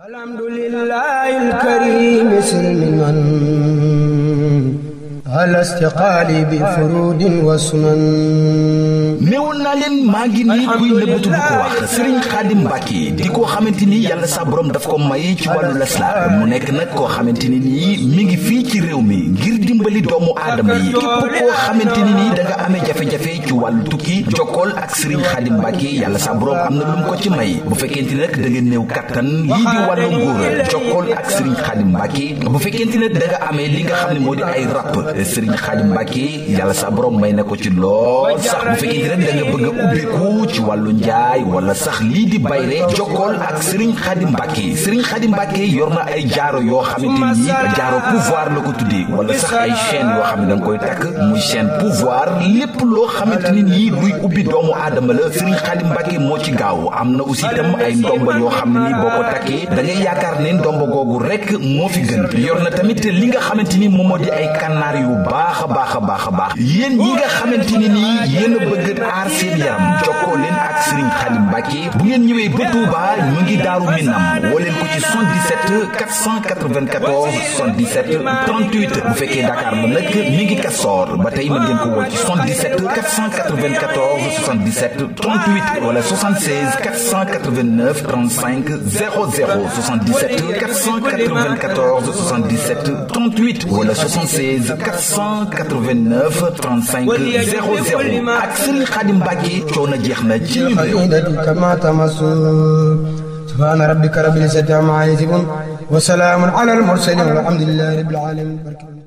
alhamdulillahi alkarim ala istiqaali bi furudin wa sunan néewoon naa leen maa ngi nii kuy nëbbatu du ko wax Serigne Khadim Mbacke di koo xamante ni yàlla sa borom daf ko may ci wàllu laslaam mu nekk nag koo xamante ni nii mi ngi fii ci réew mi ngir dimbali doomu aadama yi képp xamante ni nii da nga amee jafe-jafe ci wàllu tukki jokkool ak Serigne Khadim Mbacke yàlla sa borom am na lu mu ko ci may bu fekkente ni nag da ngeen néew kattan di wàllu ngóora ak Serigne Khadim Mbacke bu fekkente ne da amee li nga xam ne moo di ay rab Serigne Khadim Mbacke yàlla sa borom may na ko ci lool sax bu fekkente ne da nga bëgg a ubbeeku ci wàllu njaay wala sax lii di bayre jokkool ak Serigne Khadim Mbacke Serigne Khadim Mbacke yor na ay jaaro yoo xam xamante ni jaaro pouvoir la ko tuddee wala sax ay chaîne yoo xam ne da koy takk muy seen pouvoir lépp loo xamante ni nii luy ubbi doomu aadama la Serigne Khadim Mbacke moo ci gaaw am na aussi tam ay ndomba yoo xam ne nii googu rek moo fi gën yor na tamit li nga xamante ni moom moo di ay kànnaar yu baax baax a baax a baax yéen ñi nga xamante ni nii yéen a bëgg aar seen yaram jokkoo leen ak Serigne Khadim Mbacke bu ngeen ñëwee ba Touba ñu ngi daaru Minam woo leen ko ci 78 494 77 38 bu fekkee Dakar la nag mi ngi Kastoor ba tey mën ngeen ko woo ci 77 494 77 38 wala 76 489 35 00 77 494 77 38 wala 76 489 35 00 ak Serigne Khadim Mbacké coono jeex na ci subhaana rabbika rabbil izzati ammaa yasifuun wa salaamun alal mursaliin walhamdu lillaahi rabbil aalamiin